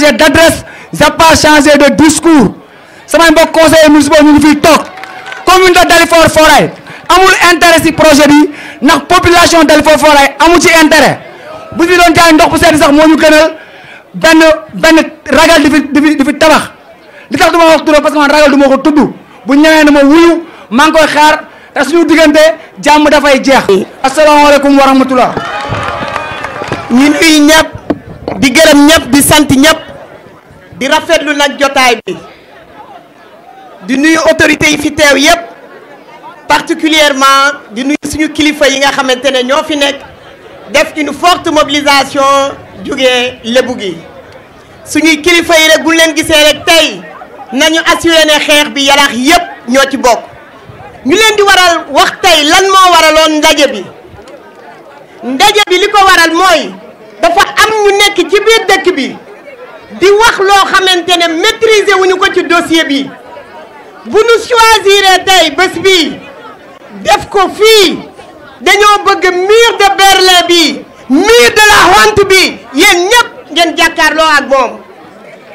changé d'adresse j'ai pas changé de discours samay mbokk conseillers municipaux ñu ngi fiy toog commune de Dalifort Foirail amul intérêt ci projet bi ndax population Dalifort Foirail amul ci intérêt bu fi doon jaay ndox bu sedd sax moo ñu gënal benn benn ragal di fi di fi di fi tabax li tax du ma wax turam parce que man ragal du ma ko tudd bu ñëwee ne ma wuyu maa ngi koy xaar te suñu diggante jàmm dafay jeex. asalaamaaleykum wa rahmatulah. ñu nuyu ñëpp. di gërëm ñëpp di sant ñëpp di rafetlu nag jotaay bi di nuyu autorité yi fi teew yëpp particulièrement di nuyu suñu kilifa yi nga xamante ne ñoo fi nekk def une forte mobilisation jógee lébu gi suñuy kilifa yi rek bu leen gisee rek tey nañu assuré ne xeex bi yarax yëpp ñoo ci bokk ñu leen di waral wax tey lan moo waraloon ndaje bi ndaje bi li ko waral mooy dafa am ñu nekk ci bi di wax loo xamante ne maîtriser wuñu ko ci dossier bi bu nu choisir tey bés bi def ko fii dañoo bëgg mur de Berlin bi mur de la honte bi yéen ñëpp ngeen jàkkaarloo ak moom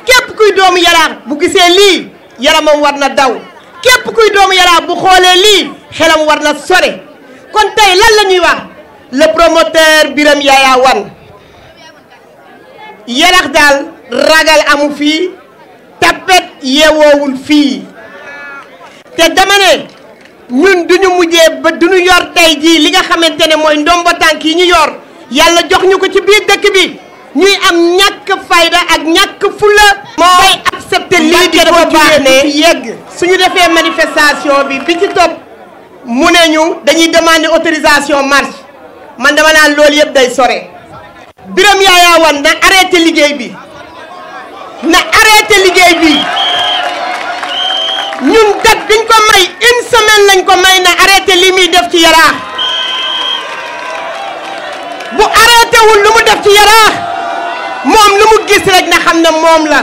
képp kuy doomu yaraax bu gisee lii yaramam war na daw képp kuy doomu yaraax bu xoolee lii xelam war na sore kon tey lan la ñuy wax le promoteur Birame Yaya Wane yarax daal ragal amu fii tappet yewoowul fii te dama ne ñun duñu mujjee ba duñu yor tey jii li nga xamante ne mooy ndomba tànk yi ñu yor yàlla jox ñu ko ci biir dëkk bi ñuy am ñàkk fayda ak ñàkk fulla moo day accepté lii di ko baax ne yegg suñu defee manifestation bi bi ci topp mu ne ñu dañuy demandi autorisation marche man dama naa lool yëpp day sore biram yaayaa wan na arrêté liggéey bi na arrêté liggéey bi ñun date biñ ko may une semaine lañ ko may na arrêté li muy def ci yaraax bu arrêté wul lu mu def ci yaraax moom lu mu gis rek na xam ne moom la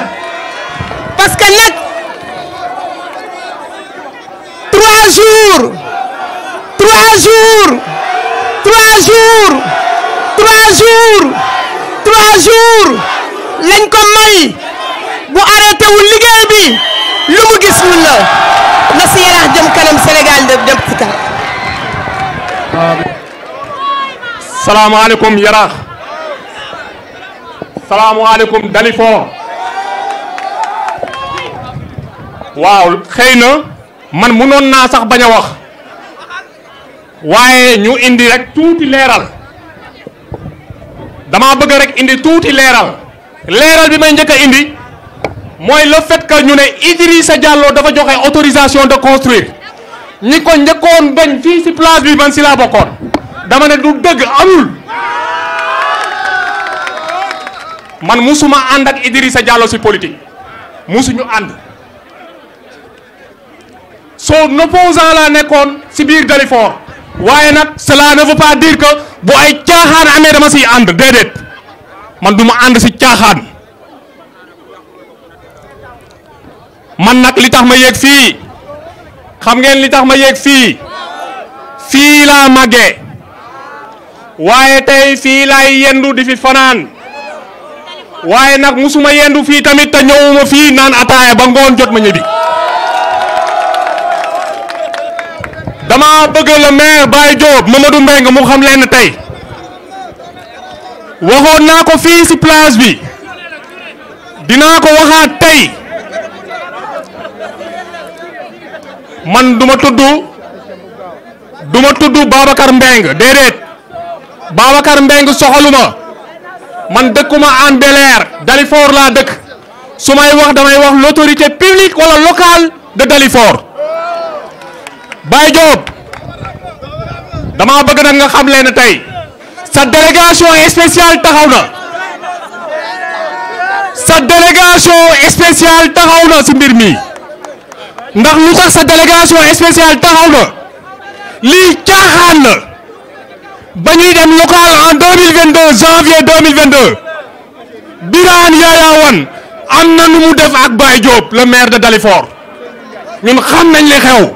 parce que nag trois jours trois jours trois jours trois jours trois jours lañ ko may bu arrêté wu liggéey bi lu mu gis mu la na si yaraax jëm kanam Sénégal de dem ci salam alaykum salaamaaleykum salam alaykum dalifo waaw xeyna man mënon na sax baña wax waye ñu indi rek touti leral damaa bëgg rek indi tuuti leeral leeral bi may njëkk a indi mooy le fait que ñu ne sa Diallo dafa joxe autorisation de construire ñi ko njëkkoon bañ fii ci place bi man ci laa bokkoon dama ne du dëgg amul man musuma ànd ak Idrissa si ci politique musuñu ànd soo opposant laa nekkoon ci biir Dalifort waaye nag cela ne veut pas dire bu ay caaxaan amee dama siy ànd déedéet man du ànd si caaxaan man nag li tax ma yéeg fii xam ngeen li tax ma yéeg fii fii laa magge waaye tey fii laay yendu di fi fanaan waaye nag musuma yendu fii tamit te ñëwuma fii naan ataaya ba ngoon jot ma ñibbi dama bëgg le maire Baye Diop Mamadou Mbengue mu xam leen tey waxoon naa ko fii ci place bi dinaa ko waxaat tey man duma tudd duma tudd Babacar Mbengue déedéet Babacar Mbengue soxaluma man dëkkuma en Bel Air Dalifort laa dëkk su may wax damay wax l'autorité publique wala locale de Dalifort Baye Diop dama bëgg nag nga xam leen tey sa délégation spéciale taxaw na sa délégation spéciale taxaw na si mbir mi ndax lu tax sa délégation spéciale taxaw na lii caaxaan la ba ñuy dem local en 2022 janvier 2022 Birane am na nu mu def ak Baye Diop le maire de Dalifort ñun xam nañ li xew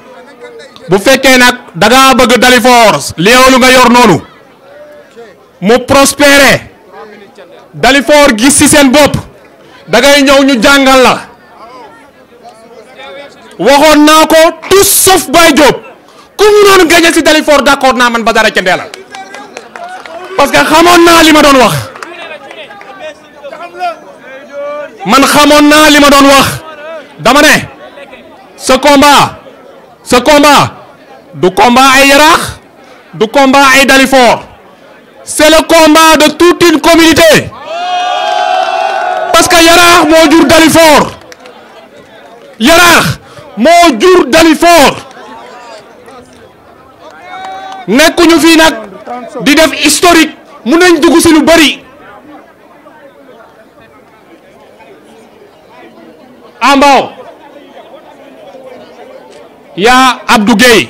bu fekkee nag da bëgg Dalifort loolu nga yor noonu mu prospérer Dalifort gis ci seen bopp da ñëw ñu jàngal la waxoon naa ko tout sauf Baye Diop ku mu doon gañe ci d'accord naa man ba dara ca parce que xamoon naa li ma doon wax man xamoon naa li ma doon wax dama ne ce combat ce combat du combat ay yaraax du combat ay dalifor c'est le combat de toute une communauté parce que yaraax mon jur dalifor yaraax mon jur dalifor Ne fii nak di def historique mun nañ dugg si lu bëri ambaaw yaa Abdou Gueye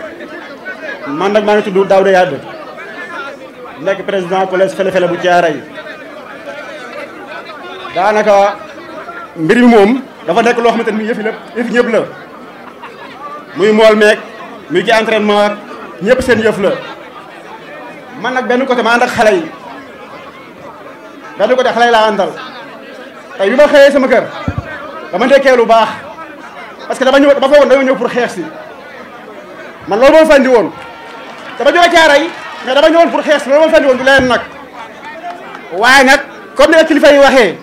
man nak ma ngi tudd Daouda Yade nekk président collège Fele Fele bu Thiaray daanaka mbir mi mom dafa nek lo xamanteni ni yëfi lépp yëfi ñëpp la muy mol mek muy ci entraînement ak seen yef la man nak benn côté ma ànd xalé yi benn côté xale yi laa àndal tey bi ma xëyee sama kër dama ndekkee lu baax parce que dama ñu dafa won dañu ñëw pour xex ci man loolu bo fandi won dama jóge Caaroy mais dama ñëwoon pour xees loolu ma fenn woon du leen nag waaye nag comme ni la kilifa yi waxee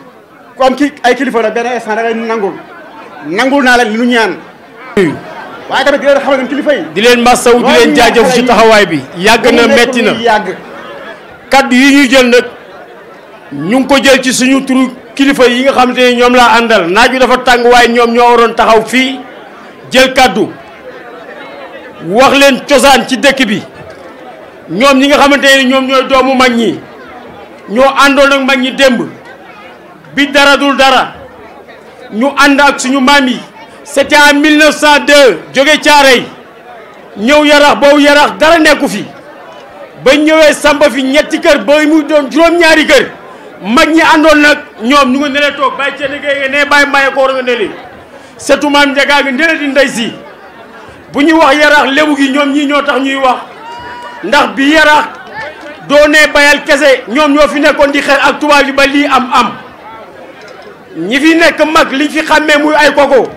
comme ki ay kilifa nag benn instant da ngay nangul naa leen li nu ñaan di leen xamal ne kilifa di leen massaw di leen ci taxawaay bi yàgg na metti na yàgg kaddu yi ñu jël nag ñu ngi ko jël ci suñu turu kilifa yi nga xam ne ñoom laa àndal naaj bi dafa tàng waaye ñoom ñoo waroon taxaw fii jël kàddu wax leen cosaan ci dëkk bi ñoom ñi nga xamante ne ñoom ñooy doomu mag ñi ñoo àndoon ak mag ñi démb bi dara dul dara ñu ànd ak suñu maam yi c'était en 1902 jóge Caaroy ñëw yarax boobu yarax dara nekku fi ba ñëwee samba fi ñetti kër ba mu doon juróom-ñaari kër mag ñi àndoon nag ñoom ñu ngi ne leen toog bàyyi cee ne géej ne bàyyi mbaye ko war nga ne leen setu maam Ndiaga nga ndey si bu ñuy wax yarax lébu gi ñoom ñii ñoo tax ñuy wax. ndax bi yaraax doonee bayal kese ñoom ñoo fi nekkoon di xeex ak tubaab yi ba lii am am ñi fi nekk mag liñ fi xàmmee muy ay koko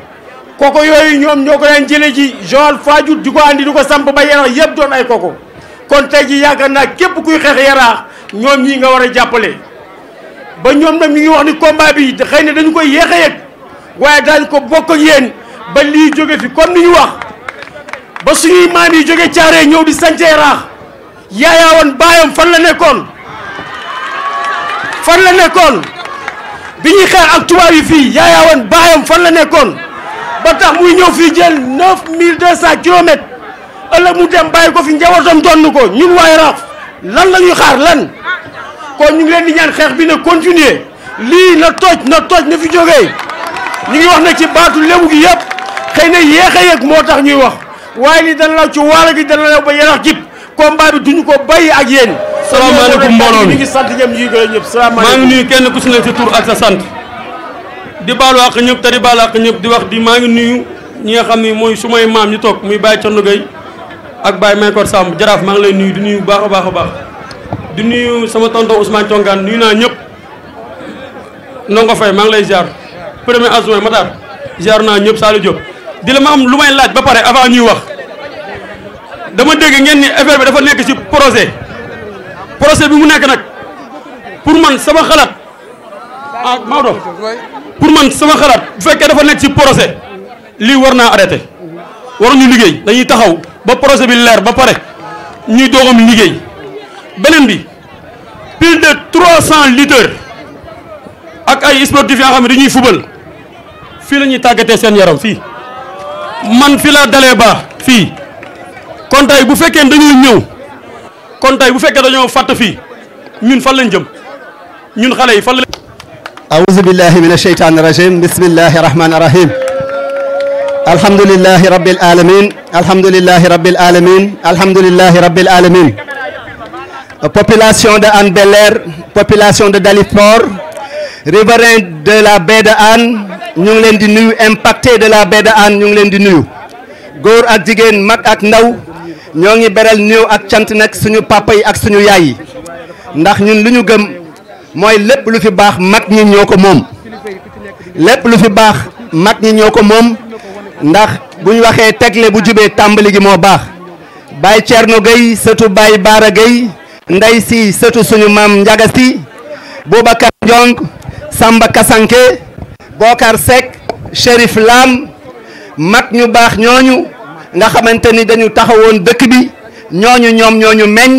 koko yooyu ñoom ñoo ko daan jële ji Joal Fadiouth di ko andi di ko samp ba yaraax yëpp doon ay koko kon tey ji yaakaar naa képp kuy xeex yaraax ñoom ñii nga war a jàppale ba ñoom nag ñu ngi wax ni combat bi xëy na dañu koy yéex a yëg waaye daañu ko bokk ak yéen ba lii jóge fi comme ni ñu wax ba suñuy maam yi jóge caaree ñëw di sànce yaraax yaayawoon baayam fan la nekkoon fan la nekkoon bi ñuy xeex ak tubaab yi fii yaayawoon baayam fan la nekkoon ba tax muy ñëw fii jël 9200 kilomètres ëllëg mu dem bàyyi ko fi njabootam donn ko ñun waaye raaf lan la ñuy xaar lan kon ñu ngi leen di ñaan xeex bi na continuer lii na toj na tooj na fi jógee ñu ngi wax na ci baatu lébu gi yëpp xëy na yéex a moo tax ñuy wax waaye nii dana law ci waalo gi dana law ba yarax jib combat bi duñu ko bàyyi ak yéen. salaamaaleykum mbooloo mi ngi sant ñam yi ngi ñep salam salaamaaleykum maa nuyu kenn ku si nekk si ak sa sant. di baalu àq ñep tari di baalu ñep di wax di maa nuyu ñi nga xamni moy sumay mam may maam ñu toog muy Baye Thierno gay ak Baye kor sam jaraaf maa ngi lay nuyu di nuyu baaxa baaxa baax di nuyu sama tonton Ousmane Thiongaan nuyu naa ñëpp nongo fay maa ngi lay ziar premier adjoint Matar ziar na ñep salu job di la ma am lumay laaj ba pare avant ñuy wax. dama dégg ngeen ni affaire bi dafa nekk ci projet projet bi mu nekk nag pour man sama xalaat ah Maodo pour man sama xalaat bu fekkee dafa nekk ci projet lii war naa arrêté ñu liggéey dañuy taxaw ba projet bi leer ba pare ñuy doogam liggéey beneen bi plus de trois cent lutteurs ak ay sportifs yoo xam ne dañuy fubal fii la ñuy tàggatee seen yaram fii man fii laa dalee baax fii kon bu fekkee dañoo ñëw kon bu fekkee dañoo fàtt fii ñun fan lañ jëm ñun xale yi fan lañ أعوذ بالله من الشيطان الرجيم بسم الله الرحمن الرحيم الحمد لله رب العالمين الحمد لله رب العالمين الحمد لله رب العالمين population de Anne Belair population de Dalifort riverain de la baie de Anne ñu ngi leen di nuyu impacté de la baie de Anne ñu ngi leen di nuyu góor ak jigéen mag ak ndaw ñoo ngi beral néew ak cant nag suñu pàppa yi ak suñu yaay yi ndax ñun lu ñu gëm mooy lépp lu fi baax mag ñi ñoo ko moom lépp lu fi baax mag ñi ñoo ko moom ndax bu ñu waxee tegle bu jubee tàmbali gi moo baax Baye Thierno Gueye sëtu baay Baara Gueye nday si sëtu suñu maam Njaga Si Boubacar jonk Samba Kasanke Bokar Seck Chérif Lam mag ñu baax ñooñu nga xamanteni dañu taxawon dekk bi ñoñu ñom ñoñu meñ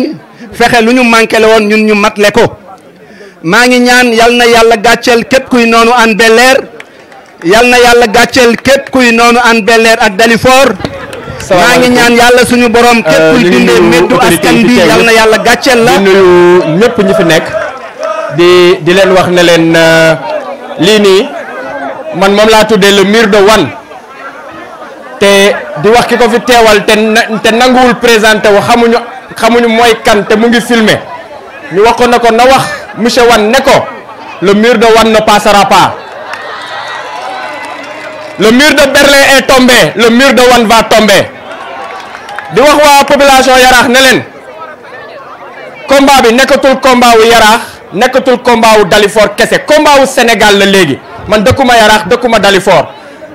fexé luñu ñu manqué la woon ñun ñu matle ko ma ngi ñaan yal yalla yàlla kep kuy nonu an belair yal yalla yàlla kep kuy nonu an belair ak dalifor ma ngi ñaan yalla suñu borom euh, kep kuy dindé meddu askan bi yal yalla yàlla la ñu nuyu fi nek di di len wax ne len euh, li ni man mom la tuddé le mur de wan te di wax ki ko fi teewal te te nanguwul présenté wu xamuñu xamuñu mooy kan te mu ngi filmer ñu wax ko na ko na wax monsieur le mur de wan ne passera pas le mur de Berlin est tombé le mur de wan va tomber di wax population Yarah ne combat bi nekkatul combat wu Neko nekkatul combat wu Dalifort kese combat wu Sénégal le léegi man dekuma yaraax dekuma Dalifort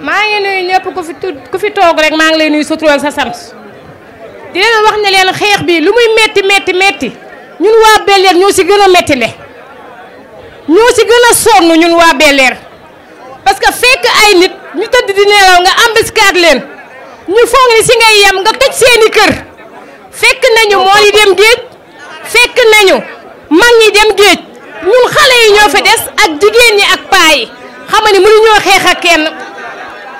maa ngi nuyu ñëpp ku fi ku fi toog rek maa ngi lay nuyu sa tur sa sant di leen wax ne leen xeex bi lu muy metti metti metti ñun waa bel ñoo ci gën a metti le ñoo si gën a sonn ñun waa Bel-Air parce que fekk ay nit ñu tëdd di nelaw nga embuscade leen ñu foog ni si ngay yem nga toj seeni kër fekk nañu mool yi dem géej fekk nañu mag ñi dem géej ñun xale yi ñoo fi des ak jigéen ñi ak paa yi xam nga ni mënuñoo xeex ak kenn.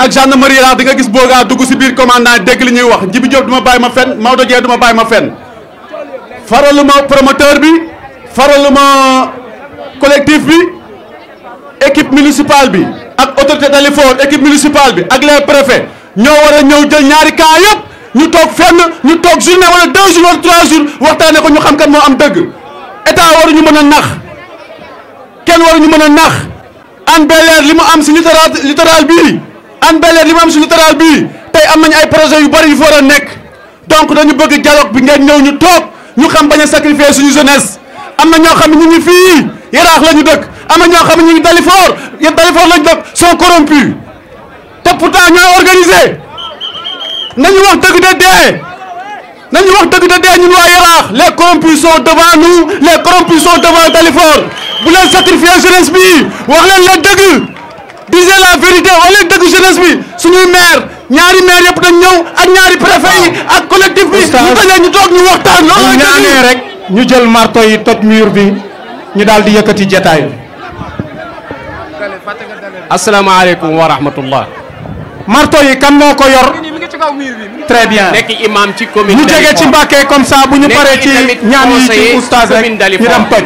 ak gendarmerie laa di nga gis boogaa dugg si biir commandant dégg li ñuy wax Jibi Diop du ma bàyyi ma fenn Maodo Dieng du ma bàyyi ma fenn faralu promoteur bi faralu ma collectif bi équipe municipale bi ak autorité d'Alifor équipe municipale bi ak les préfets ñoo war ñëw jël ñaari cas yëpp ñu toog fenn ñu toog journée wala deux jours wala trois waxtaane ko ñu xam kan moo am dëgg état waruñu mën a nax kenn waruñu mën a nax an belleer li mu am si littoral littoral bii am Bel-Air li mu am suñu littoral bii tey am nañu ay projet yu bari yu fa nekk donc dañu bëgg dialogue bi ngeen ñëw ñu toog ñu xam bañ a sacrifier suñu jeunesse am na ñoo xam ne ñu ngi fii yaraax la ñu dëkk am na ñoo xam ne ñu ngi Dalifort Dalifort la ñu dëkk sont corrompus te pourtant ñooy organisé nañu wax dëgg de dee nañu wax dëgg de dee ñun waa yaraax les corrompus sont devant nous les corrompus sont devant Dalifort bu leen sacrifier jeunesse bi wax leen la dëgg. disez la vérité de dëgg jeunesse bi suñuy maire ñaari maire yëpp dañ ñëw ak ñaari préfet yi ak collectif bi ñu dajee ñu toog ñu waxtaan loolu ñaanee rek ñu jël marto yi toj mur bi ñu daal di yëkkati jataay bi asalaamaaleykum wa rahmatullah marto yi kan moo ko yor très bien nekk imam ci commune ñu jege ci Mbàkke comme ça bu ñu paree ci ñaan yi ci oustaz rek ñu dem toj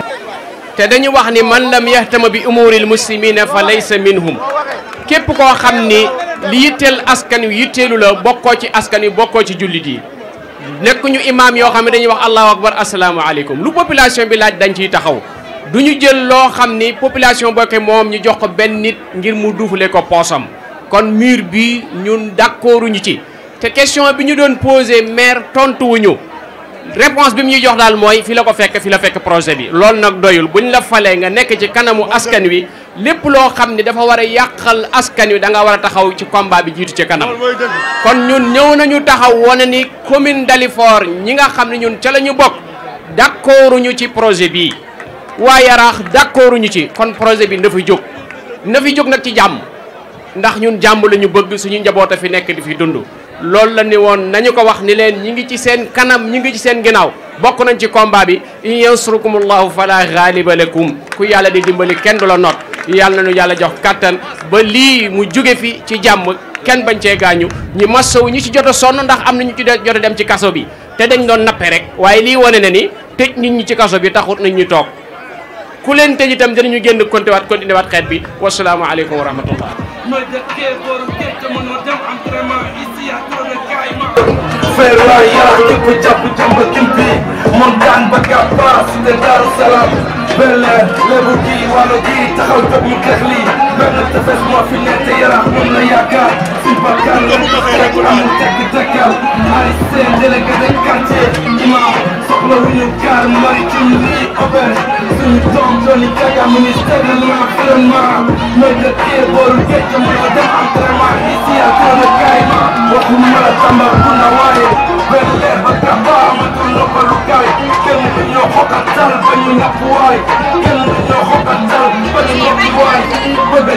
te dañu wax ni man lam yahtama bi umuuril muslimina fa laysa minhum képp koo xam ni li yitteel askan wi yitteelu la bokkoo ci askan wi bokkoo ci jullit yi nekkuñu ñu imaam yoo xam ne dañuy wax allahu akbar asalaamaaleykum lu population bi laaj dañ ciy taxaw du ñu jël loo xam ni population bokke moom ñu jox ko benn nit ngir mu duufale ko poosam kon miir bi ñun d'accorduñu ci te question bi ñu doon posé maire tontu wuñu réponse bi mu ñuy jox daal mooy fi la ko fekk fi la fekk projet bi loolu nag doyul buñ la falee nga nekk ci kanamu askan wi lépp loo xam ni dafa war a yàqal askan wi danga war a taxaw ci combat bi jiitu ci kanam kon ñun ñëw nañu taxaw wane ni commune Dalifort ñi nga xam ne ñun ca la ñu bokk d'accorduñu ci projet bi waa Yaraax d'accorduñu ci kon projet bi na fi jóg na fi jóg nag ci jàmm ndax ñun jàmm lañu ñu bëgg suñu njaboot a fi nekk di fi dund loolu la ni woon nañu ko wax ni leen ñi ngi ci seen kanam ñi ngi ci seen ginnaaw bokk nañ ci combat bi in yansurukum allahu fala ghaliba lakum ku yàlla di dimbali kenn du la yàlla nañu yàlla jox kàttan ba lii mu jóge fi ci jàmm kenn bañ cee gaañu ñi massawu ñi ci jote a sonn ndax am na ñu ci jot dem ci kaso bi te dañ doon nappe rek waaye lii wane na ni tëj nit ñi ci kaso bi taxut nañ ñu toog ku leen tëj itam dinañu génn konte waat continué waat xeet bi wasalaamu aleykum wa rahmatullah feeraay yaa jëkk jàpp jàmb kimpi montaan ba kàppaas te daaru salaam benn lebu gi wàllu gi taxaw jot mu xeex la tefes moo fi nekk Yaraax moom la yaakaar si bakkan la tegul amul tekk tekkal ay seen délégué de quartier imaam soxla wu ñu kaar mari ci ñu lii open suñu doom dooni jaga ministère de l'environnement mooy de kii booru géej mën a dem entraînement ici à Kër Kayma waxuma la Tambacounda waaye benn leer ba Tamba amatul noppalukaay kenn du ñoo xokatal ba ñu napp waay kenn du ñoo xokatal ba ñu napp waay